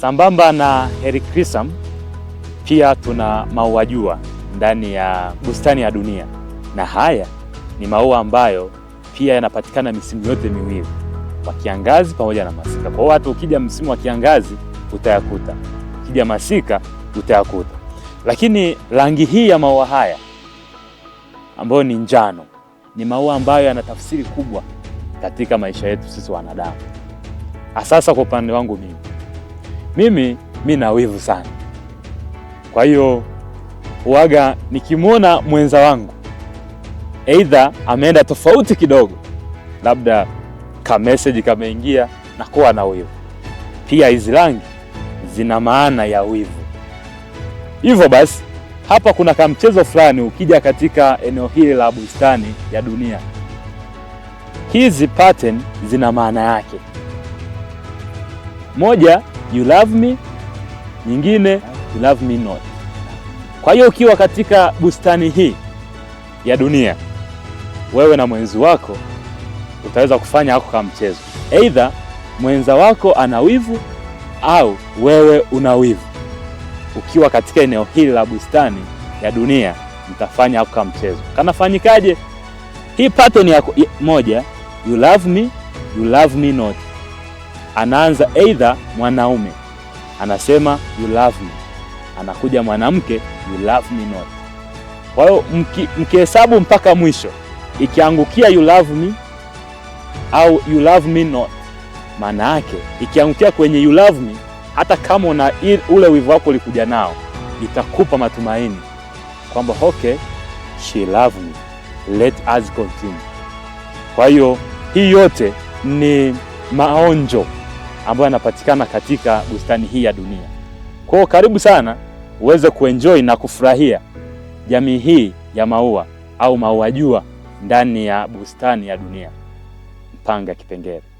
Sambamba na Herikrisam pia tuna maua jua ndani ya bustani ya dunia, na haya ni maua ambayo pia yanapatikana misimu yote miwili, wa kiangazi pamoja na masika. Kwa hiyo hata ukija msimu wa kiangazi utayakuta, ukija masika utayakuta. Lakini rangi hii ya maua haya ambayo ni njano ni maua ambayo yana tafsiri kubwa katika maisha yetu sisi wanadamu. Asasa kwa upande wangu mimi mimi mi na wivu sana, kwa hiyo huaga nikimwona mwenza wangu aidha ameenda tofauti kidogo, labda ka message kameingia, na kuwa na wivu pia. Hizi rangi zina maana ya wivu. Hivyo basi, hapa kuna kamchezo fulani, ukija katika eneo hili la bustani ya dunia, hizi pattern zina maana yake moja you love me, nyingine you love me not. Kwa hiyo ukiwa katika bustani hii ya dunia, wewe na mwenzi wako utaweza kufanya hako kama mchezo, aidha mwenza wako ana wivu au wewe una wivu. Ukiwa katika eneo hili la bustani ya dunia, mtafanya hako kama mchezo. Kanafanyikaje? Hii pattern ya moja, you love me, you love me not anaanza aidha mwanaume anasema you love me, anakuja mwanamke you love me not. Kwa hiyo mkihesabu mpaka mwisho, ikiangukia you love me au you love me not, maana yake ikiangukia kwenye you love me, hata kama una ule wivu wako ulikuja nao, itakupa matumaini kwamba okay, she love me, let us continue. Kwa hiyo hii yote ni maonjo ambayo yanapatikana katika bustani hii ya dunia. Kwao karibu sana uweze kuenjoy na kufurahia jamii hii ya maua au maua jua ndani ya bustani ya dunia. Mpanga Kipengere.